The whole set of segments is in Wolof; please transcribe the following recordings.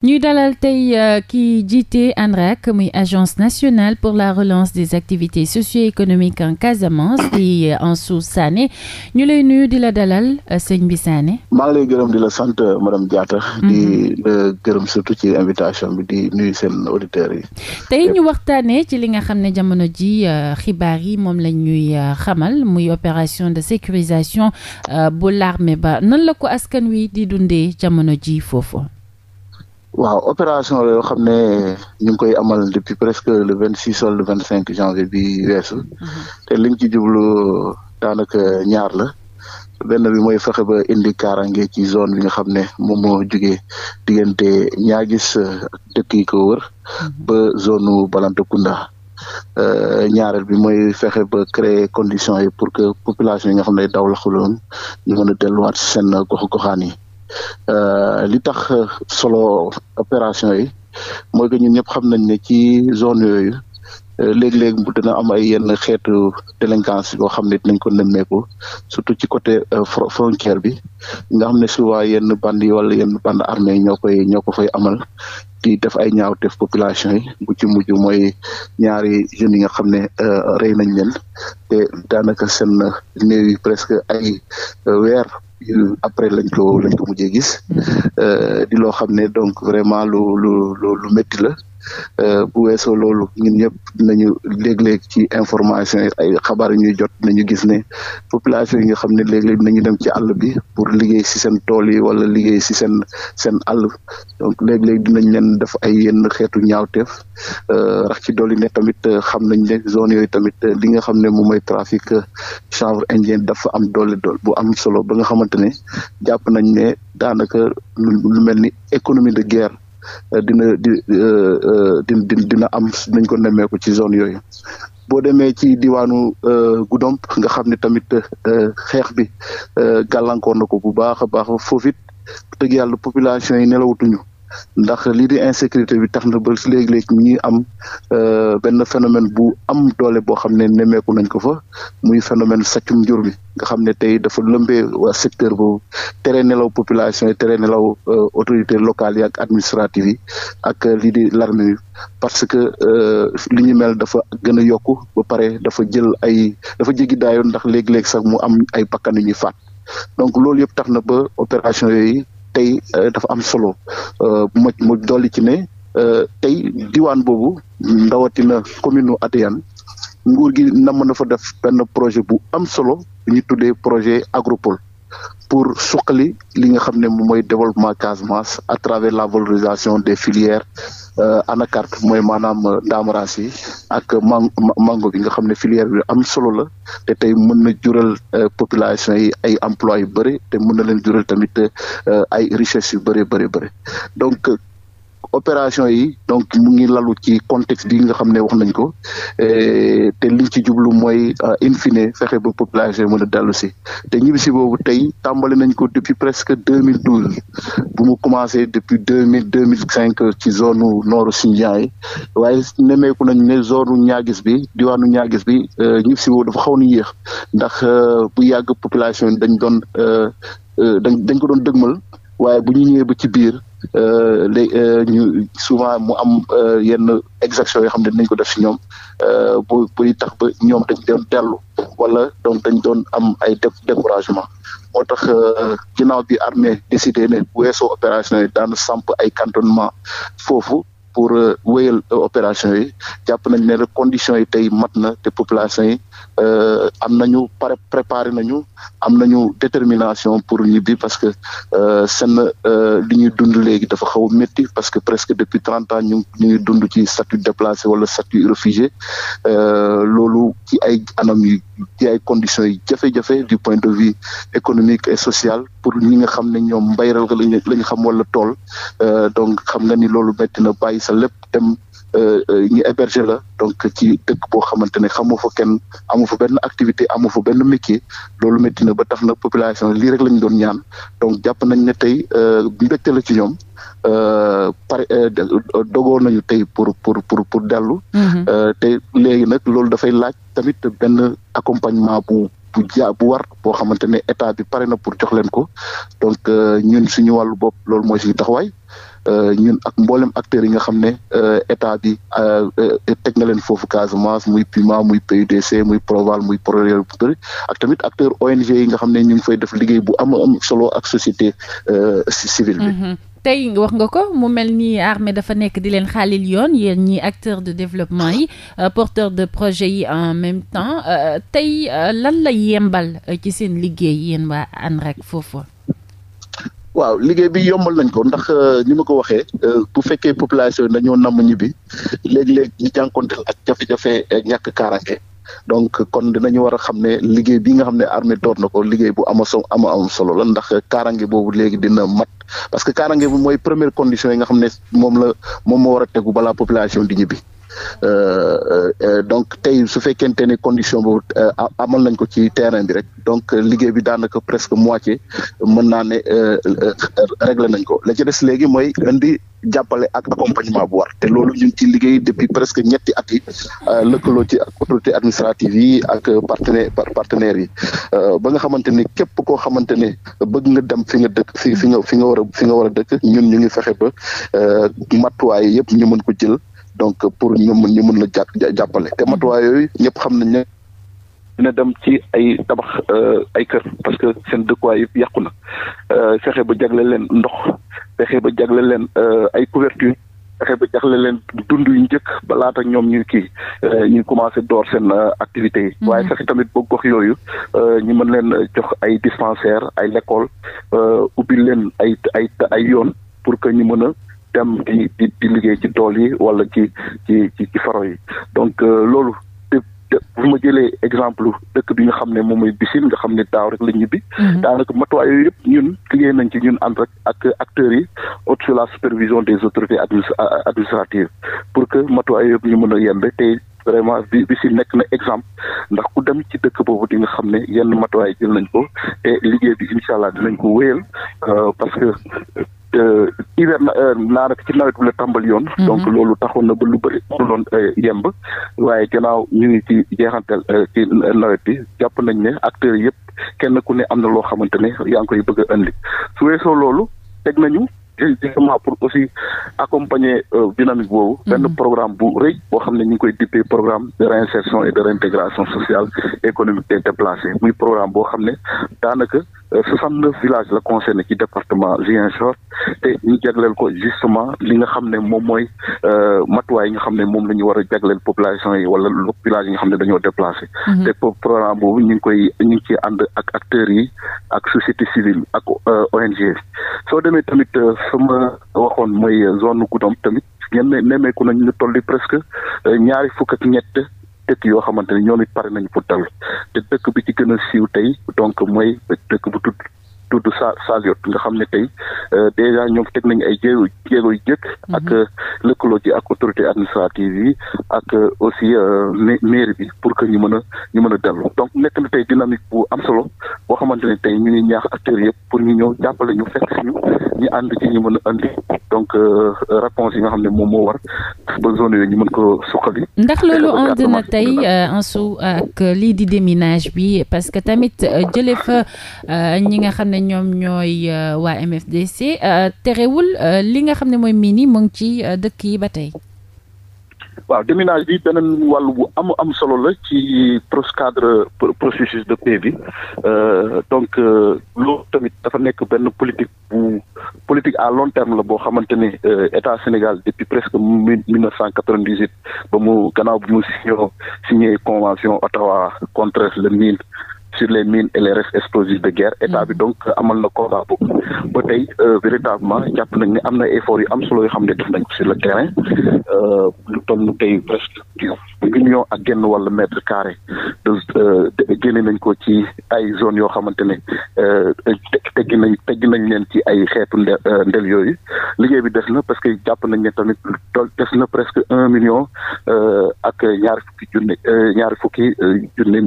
ñuy dalal tey euh, kii jiite ANRAC muy agence nationale pour la relance des activités socio-économiques en Casamance di euh, Ansou Sané ñu lay nuyu di la dalal euh, sëñ bi Sané. maa gërëm di la sant madame Diatta. Mhm. di gërëm surtout ci invitation bi di nuyu seen auditeurs yi. tey ñu waxtaanee ci li nga xam ne jamono ji xibaar yi moom la ñuy xamal muy opération de sécurisation bu l'armée ba nan la ko askan wi di dundee jamono ji foofu. waaw opération la yoo xam ne ñu ngi koy amal depuis presque le vingt six wala le vingt cinq janvier bi weesu mhm. te liñ ci jublu daanaka ñaar la benn bi mooy fexe ba indi kaaraange ci zone bi nga xam ne moom moo jugee diggante ñaa gis dëkk yi ko wër mhm. ba zone Balantakunda euh, ñaareel bi mooy fexe ba créer conditions yi pour que population yi nga xam ne daw laxuloon ñu mën a delluwaat seen gox goxaan yi Euh, li tax euh, solo opération yi mooy que ñun ñëpp xam nañ ne ci zone yooyu léeg-léeg dina am ay yenn xeetu délinquance yoo xam ne dinañ ko nemmeeku surtout ci côté euh, frontière bi nga xam ne souvent yenn bandi wala yenn bande armée ñoo koy ñoo ko fay amal di def ay ñaawteef population yi bu ci mujj mooy ñaari jeunes yi nga xam ne euh, rey nañ leen te daanaka seen néew yi presque ay euh, weer après lañ ko lañ ko mujjee gis mm-hmm. di loo xam ne donc vraiment lu lu lu métti la Euh, bu weesoo loolu ñun ñëpp nañu léeg-léeg ci information yi ay xabaar yu ñuy jot nañu gis ne population yi nga xam ne léeg-léeg nañu dem ci àll bi pour liggéey si seen tool yi wala liggéey si seen seen àll donc léeg-léeg dinañ leen def ay yenn xeetu ñaawteef euh, rax ci dolli ne tamit euh, xam nañ ne zone yooyu tamit li nga xam ne moom mooy trafic chanvre indien dafa am doole dool bu am solo ba nga xamante ne jàpp nañ ne daanaka lu mel ni économie de guerre Euh, dina di euh, euh, di dina am nañ ko nemmeeku ci zone yooyu boo demee ci diwaanu Goudomp nga xam ne tamit xeex bi gàllankoor na ko bu baax a baax foofu it dëgg yàlla population yi nelawutuñu ndax lii di insécurité bi tax na ba léeg-léeg mi ñuy am euh, benn phénomène bu am doole boo xam ne nemmeeku nañ ko fa muy phénomène sàccum jur mi nga xam ne tey dafa lëmbee waa secteur boobu tere nelaw population yi tere nelaw euh, autorités locales yi ak administratives yi ak euh, lii di l'armée bi parce que li ñu mel dafa gën a yokku ba pare dafa jël ay dafa jéggi daayoon ndax léeg-léeg sax mu am ay bakkan yu ñuy faat donc loolu yëpp tax na ba opération yooyu tey euh, dafa am solo euh, ma ma dolli ci ne euh, tey diwaan boobu ndawatina commune Atéyane nguur gi nam na fa def benn projet bu am solo ñu tuddee projet agropole pour suqali li nga xam ne moom mooy développement Casamance à travers la valorisation des filières euh, anacarde mooy maanaam ndaamaraas euh, yi ak man mango gi nga xam ne filière bi am solo la te tey mën na jural euh, population yi ay emploi yu bëri te mun na leen jural tamit ay richesses yu bëri bëri bëri donc opération yi donc mu ngi lalu ci contexte bi nga xam ne wax nañ ko eh, te liñ ci jublu mooy euh, in fine fexe ba population yi mën a dellu si te ñibbisi boobu tey tàmbali nañ ko depuis presque deux mille douze bu mu commencé depuis deux mille deux mille cinq ci zone nu nooru Sindian yi waaye nemeeku nañ ne zone nu ñaagis bi diwaanu ñaagis bi euh, ñibbisi boobu dafa xaw na yéex ndax euh, bu yàgg population dañ doon dañ dañ ko doon dëgmal waaye bu ñu ñëwee ba ci biir Euh, léegi euh, ñu souvent mu am euh, yenn exaction yoo xam ne dinañ ko def si ñoom bu buy tax ba ñoom dañ doon dellu wala donc dañ doon am ay découragement moo tax ginnaaw bi armée décidé ne bu weesoo opération yi daan samp ay cantonnement foofu pour wéyal opération yi jàpp nañ ne conditions yi tey mat na te population yi Euh, am nañu pare préparé nañu am nañu détermination pour ñibbi parce que euh, seen euh, li ñuy dund léegi dafa xaw a métti parce que presque depuis trente ans ñu ñu ngi dund ci statut déplacé wala statut réfugié loolu ci ay anam yu ci ay conditions yi jafe-jafe du point de vie économique et social pour ñi nga xam ne ñoom mbayral la ñu xam wala tool donc xam nga ni loolu métti na bàyyi sa lépp Euh, euh, ñu héberger la donc ci dëkk boo xamante ne xamoo fa kenn amu fa benn activité amu fa benn métier loolu métti na ba tax na population lii rek lañu doon ñaan donc jàpp nañ ne tey euh, mbégte la ci ñoom pare dogoo nañu tey pour pour pour pour dellu. Mhm. te léegi nag loolu dafay laaj tamit benn accompagnement bu. bu ja bu war boo xamante ne état bi pare na pour jox leen ko donc ñun suñu wàllu bopp loolu mooy suñu taxawaay Euh, ñun ak mboolem acteurs yi nga xam ne euh, état bi euh, teg na leen foofu Casamance muy PUMA muy PUDC muy Proval muy Proval ak tamit acteur ONG yi nga xam ne ñu ngi fay def liggéey bu am solo ak société civile bi. Mm-hmm. tey wax nga ko mu mel ni armée dafa nekk di leen xaalil yoon yéen ñi acteur de développement yi porteurs de projet yi en même temps tey lan la yembal ci seen liggéey yéen waa ANRAC foofu. waaw liggéey bi yombal nañ ko ndax euh, ni ma ko waxee euh, bu fekkee population yi dañoo namm ñibbi léeg-léeg ñu jànkonteel ak jafe-jafe ñàkk kaaraange donc kon dinañu war a xam ne liggéey bi nga xam ne armée door na ko liggéey bu ama so ama am solo la ndax kaaraange boobu léegi dina mat parce que kaaraange bi mooy première condition yi nga xam ne moom la moom moo war a tegu balaa population di ñibbi. Euh, euh, euh, donc tey su fekkente ne condition boobu amal nañ ko ci terrain bi rek donc liggéey bi daanaka presque moitié mën naa ne réglé nañ ko la ci des léegi mooy indi jàppale ak accompagnement bu war te loolu ñu ngi ci liggéey depuis presque ñetti at yi lëkkaloo ci ak autorité administrative yi ak partenaire partenaires yi ba nga xamante ni képp koo xamante ne bëgg nga dem fi nga dëkk fi fi nga fi nga war a fi nga war a dëkk ñun ñu ngi fexe ba matuwaay yëpp ñu mën ko jël donc pour ñu mun ñu mun la jà jàppale te matuwaay yooyu ñëpp xam nañ ne dina dem ci ay tabax euh, ay kër parce que seen dëkkuwaay yëpp yàqu na euh, fexe ba jagle leen ndox fexe ba jagle leen euh, ay couverture fexe ba jagle leen dund yu njëkk ba ñoom ñu kii ñu commencé door seen activités yi mm-hmm. waaye fexe tamit ba gox yooyu ñu mën leen jox ay dispensaire ay l'école ubil leen ay ay ay yoon pour que ñu mën a dem di di liggéey ci tool yi wala ci ci ci faro yi donc euh, loolu bu ma jëlee exemple dëkk bi nga xam ne moom mooy bisin nga xam ne daaw rek la ñibbi mhm. daanaka matuwaay yooyu yëpp ñun liggéey nañ ci ñun ànd rek ak acteurs yi auto dessus de la supervision des autorités administratives pour que matuwaay yëpp ñu mën a yembe te vraiment bi bi si nekk na exemple ndax ku dem ci dëkk boobu di nga xam ne yenn matuwaay jël nañ ko te liggéey bi incha allah nañ ko wéyal euh, parce que Euh, hiver na euh, naa rek ci nawet bi la tàmbali yoon. Mhm. donc loolu taxoon na ba lu bëri mënuloon euh, yemb. waaye gannaaw ñu ngi ci jeexantal ci nawet bi jàpp nañ ne acteurs yëpp kenn ku ne am na loo xamante ne yaa ngi koy bëgg indi su weesoo loolu teg nañu. justement pour aussi accompagner euh, dynamique boobu. Mhm. benn programme bu rëy boo xam ne ñu ngi koy dippee programme de réinsertion et de réintégration sociale économique des déplacés muy programme boo xam ne daanaka euh, soixante neuf village la concerné ci département Ziguinchor te ñu jagleel ko justement li nga xam ne moom mooy euh, matuwaay yi nga xam ne moom la ñu war a jagleel population yi wala village yi nga xam ne dañoo déplacé. Mhm. te programme boobu ñu ngi koy ñu ngi ciy ànd ak acteurs yi ak société civile ak ONG. soo demee tamit sama euh, waxoon mooy zone Goudomp tamit ñenn nemmeeku nañ ñu tolli presque euh, ñaari fukk ñett dëkk yoo xamante ne ñoom it pare nañu pour dal te dëkk bi ci gën a siiw tey donc mooy dëkk bu tudd tudd sa Saliot nga xam ne tey euh, déjà ñoom teg nañu ay jéego jéego yu jëkk mhm. ak euh, lëkkaloo ji ak autorité administrative yi ak euh, aussi mairie bi pour que ñu mën a ñu mën a dellu donc nekk na tey dynamique bu am solo boo xamante ne tey ñu ngi ñaax acteurs yëpp pour ñu ñëw jàppale ñu fekk ñu ñu ànd ci ñu mën a andi donc réponse yi nga xam ne moom moo war ba zone yooyu ñu mën ko suqali. ndax loolu ànd na tey Ansu ak lii di déminage bi parce que tamit jëlee fa ñi nga xam ñoom ñooy euh, waa MFDC euh, terewul euh, li nga xam ne mooy miin yi mu ngi ci dëkk yi ba tey. waaw déminage bi beneen wàll bu am am solo la ci pros cadre processus de paix bi donc loolu tamit dafa nekk benn politique bu politique à long terme la boo xamante ni état Sénégal depuis presque mille neuf cent quatre-vingt-dix-huit ba mu gannaaw bi mu signé convention Ottawa contre le mine sur les mines et les restes explosifs de guerre état bi mm. donc amal na combat boobu ba tey euh, véritablement jàpp nañ ne am na effort yu am solo yoo xam ne def nañ ko le terrain euh, lu toll ak genn wàllu mètre carré de euh, génne nañ ko ci ay zone yoo xamante ne teggi nañ teggi nañ leen ci ay xeetu ndel yooyu liggéey bi des na parce que jàpp nañ ne tamit des na presque un million ak ñaari fukki junne ñaari fukki junne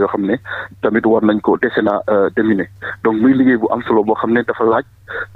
yoo xam ne tamit war nañ ko dese na euh, déminer donc muy liggéey bu am solo boo xam ne dafa laaj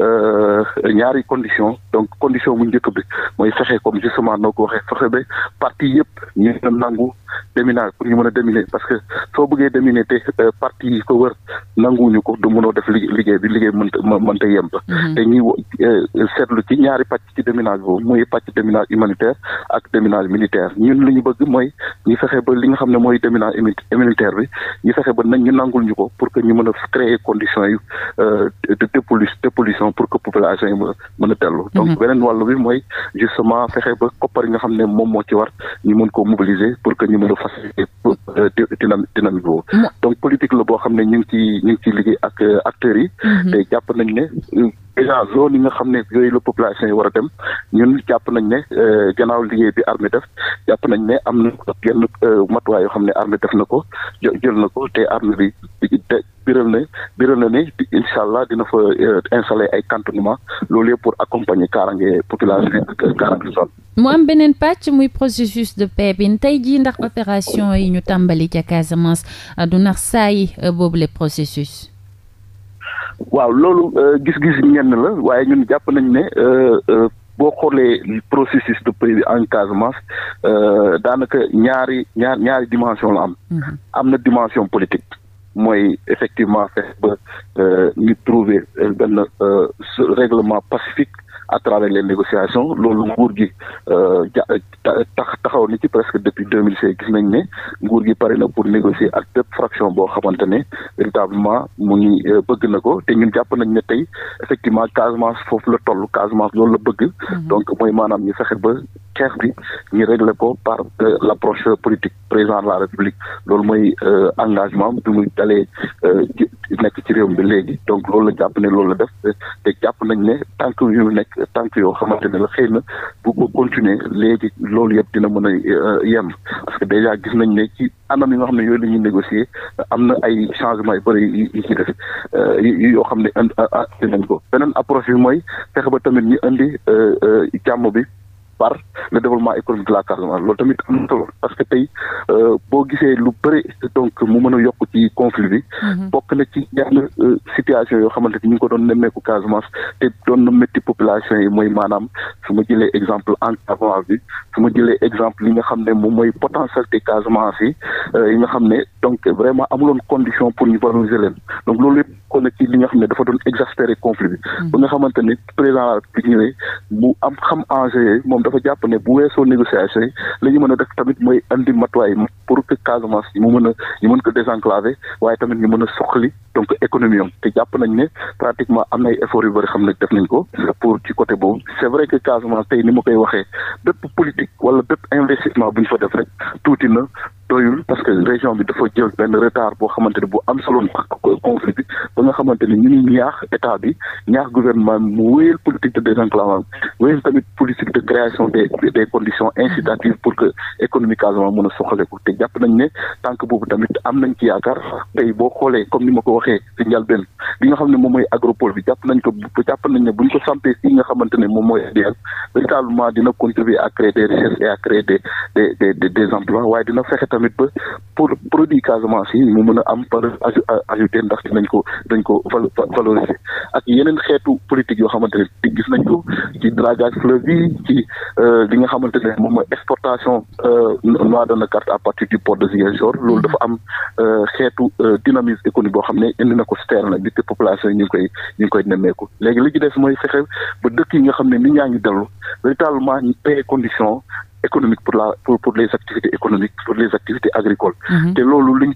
euh, ñaari condition donc condition bu njëkk bi mooy fexe comme justement noo ko waxee fexe ba parti yëpp ñu mën a nangu déminage pour ñu mën a déminer parce que soo bëggee déminer te euh, parti yi ko wër nanguwuñu ko du mënoo def liggéey bi liggéey mënta mënta yem ba mm-hmm. te ñuy seetlu ci ñaari pàcc ci déminage boobu muy pàcc déminage humanitaire ak déminage militaire ñun li ñu bëgg mooy ñu fexe ba li nga xam ne mooy déminage militaire bi ñu fexe kon nañ ñu nangul ñu ko pour que ñu mën créer conditions yi euh, de dépollu dépollution pour que population yi mën a dellu donc mm-hmm. beneen wàllu bi mooy justement fexe ba koppar nga xam ne moom moo ci war ñu mën ko mobiliser pour que ñu mën a faciliter euh, dynamique dynamique boobu donc politique la boo xam ne ñu ngi ci ñu ngi ciy liggéey ak euh, acteurs yi mm-hmm. te jàpp nañ ne déjà nga xam ne yooyu la population yi war a dem ñun jàpp nañ ne euh, gannaaw liggéey bi armée def jàpp nañ ne am na yenn euh, matuwaay yoo xam ne armée def na ko jël na ko te armée bi biral na biral ne incha allah dina fa euh, installer ay cantonnement loolu yëpp pour accompagner kaarange population yi ak kaarange mu am beneen pàcc muy processus de paix bi tey jii ndax opération yi ñu tàmbali ca Casamance du nax saa yi boobu le processus waaw loolu euh, gis-gis ñenn la waaye ñun jàpp nañ ne euh, euh, boo xoolee processus de paix bi en Casamance daanaka ñaari ñaar ñaari dimension la am. Mm-hmm. am na dimension politique. mooy effectivement fexe ba ñu trouver benn règlement pacifique. à travers les négociations loolu nguur gi euh, tax taxaw na ci presque depuis 2016 gis nañ ne nguur gi pare na pour négocier ak bépp fraction boo xamante ne véritablement mu ngi euh, bëgg na ko te ñu jàpp nañ ne tey effectivement Casamance foofu la toll Casamance loolu la bëgg. Mhm. donc mooy maanaam ñu fexe ba xeex bi ñu réglé ko par euh, l' approche politique président de la République loolu mooy engagement bi muy dalee nekk ci réew mi léegi donc loolu la jàpp ne loolu la def te jàpp nañ ne tant que yu nekk. tànk yoo xamante ne la xëy na bu ko continuer léegi loolu yëpp dina mën a euh, yem parce que déjà gis nañ ne ci anam yoo xam ne yooyu la ñuy négocier am na ay changement yu bëri yi ci def euh, yoo xam ne indi nañ ko beneen approche bi mooy fexe ba tamit ñu indi euh, jàmm bi par le développement économique de la Casamance loolu tamit am na solo parce que tey euh, boo gisee lu bëri donc mu mën a yokk ci conflit bi. Mhm. bokk na ci yenn euh, situation yoo xamante ni ñu ngi ko doon nemmeeku Casamance te doon na métti population yi mooy maanaam su ma jëlee exemple enclavement bi su ma jëlee exemple yi nga xam ne moom mooy potentialité Casamance yi euh, yi nga xam ne donc vraiment amuloon condition pour ñu valoriser leen donc loolu yëpp bokk li nga xam ne dafa doon exaspéré conflit bi. Mm-hmm. ba nga xamante ni président la République ñëwee bu am xam enjeu moom dafa jàpp ne bu weesoo négociation yi la ñu mën a def tamit mooy andi matuwaay pour que Casamance ñu mën a ñu mën ko désenclaver waaye tamit ñu mën a suqali donc économion te jàpp nañ ne pratiquement am na ay efforts yu bëri xam ne def nañ ko pour ci côté boobu c'est vrai que Casamance tey ni ma koy waxee bépp politique wala bépp investissement bu ñu fa def rek tuuti na. doyul parce que région bi dafa jël benn retard boo xamante ne bu am solo ak conflit bi ba nga xamante ne ñu ngi ñaax état bi ñaax gouvernement mu wéyal politique de désenclavement wéyal tamit politique de création des conditions incitatives pour que économie Casamance mën a soxaleku te jàpp nañ ne tànk boobu tamit am nañ ci yaakaar tey boo xoolee comme ni ma ko waxee ci njëlbeen li nga xam ne moom mooy agropole bi jàpp nañ ko jàpp nañ ne buñ ko sampee fii ne moom mooy ADL véritablement dina contribuer à tamit ba pour produit Casamance yi mu mën a am valeur ajoutée ndax dinañ ko dañ ko valoriser ak yeneen xeetu politique yoo xamante ne gis nañ ko ci dragage fleuve yi ci euh, li nga xamante ne moom mooy exportation euh, noix de Nacaste à partir du port de Ziguinchor loolu dafa am euh, xeetu dynamisme économique boo xam ne indi na ko stern la bi te population yi ñu ngi koy ñu ngi koy nemmeeku léegi li ci des mooy fexe ba dëkk yi nga xam ne ni ñaa ngi dellu véritablement ñu condition économique pour la pour pour les activités économiques pour les activités agricoles. Mhm. te loolu lañ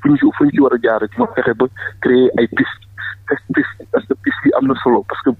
fuñ ci fuñ ci war a jaar rek moo fexe ba créer ay piste piste parce que piste yi am na solo parce que.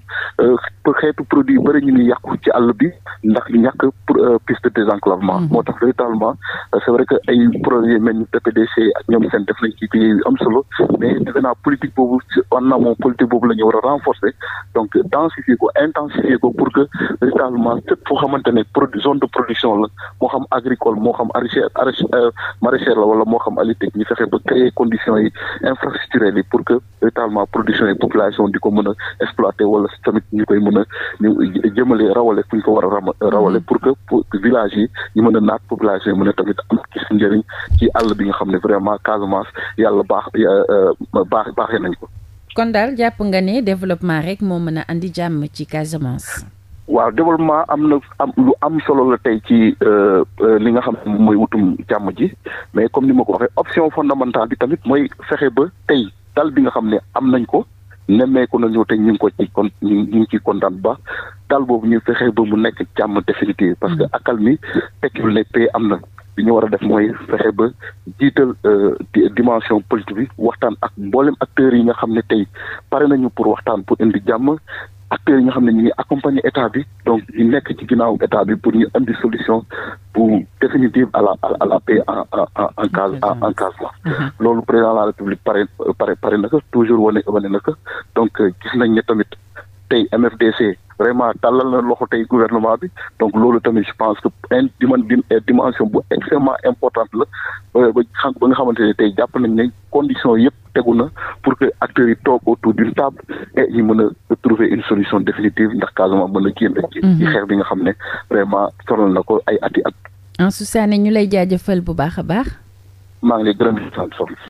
Euh, pour xeetu produit yu bëri ñu ngi yàqu ci àll bi ndax ñàkk euh, piste désenclavement mm-hmm. moo tax véritablement euh, c'est vrai que ay projet mel ni PPDC ak ñoom seen def nañ ci liggéey am solo mais defe naa politique boobu en amont politique boobu la ñu war a renforcer donc densifier ko intensifier ko pour que véritablement fépp foo xamante ne zone de production la moo xam agricole moo xam euh, maraîchère la wala moo xam alitek ñu fexe ba créer conditions yi infrastructurelles yi pour que véritablement production yi population di ko mën a exploiter wala tamit ñu mën a ñu jëmale rawale fu ñu ko war a rawale mhm. pour que pour village yi ñu mën a naat population yi mën a tamit am ci si njëriñ ci àll bi nga xam ne vraiment Casamance yàlla baax euh, baax baaxee nañ ko. kon daal jàpp nga ne développement rek moo mën a andi jàmm ci Casamance. waaw développement am na am lu am solo la tey ci euh, euh, li nga xam ne mooy wutum jàmm ji mais comme ni ma ko waxee option fondamentale bi tamit mooy fexe ba tey dal bi nga xam ne am nañ ko. nemmeeku nañu te ñu ngi ko ci kon ñu ngi ciy kontaan bu baax daal boobu ñu fexe ba mu nekk jàmm définitive parce que mm. accalmie tekkiwul ne paix am na li ñu war a def mooy fexe ba jiital euh, dimension politique bi waxtaan ak mboolem acteur yi nga xam ne tey pare nañu pour waxtaan pour indi jàmm acteurs yi nga xam ne ñu ngi état bi donc ñu nekk ci ginnaaw état bi pour ñu indi solution pour définitive à la la paix en en en cas en cas mm-hmm. loolu président la république pare pare pare na ko toujours wane na ko donc euh, gis nañ ne tamit. tey MFDC vraiment tàllal na loxo tey gouvernement bi donc loolu tamit je pense que un eh, dimension bu extrêmement importante la euh, ba xam ba nga xamante ne tey jàpp nañ ne condition yëpp tegu na pour que acteurs yi toog autour d'une table et ñu mën a trouver une solution définitive ndax Casamance mën a génn mhm. ci xeex bi nga xam ne vraiment sonal na ko ay ati at. Ansoumana ñu lay jaajëfal bu baax a baax. maa ngi lay gërëm di sant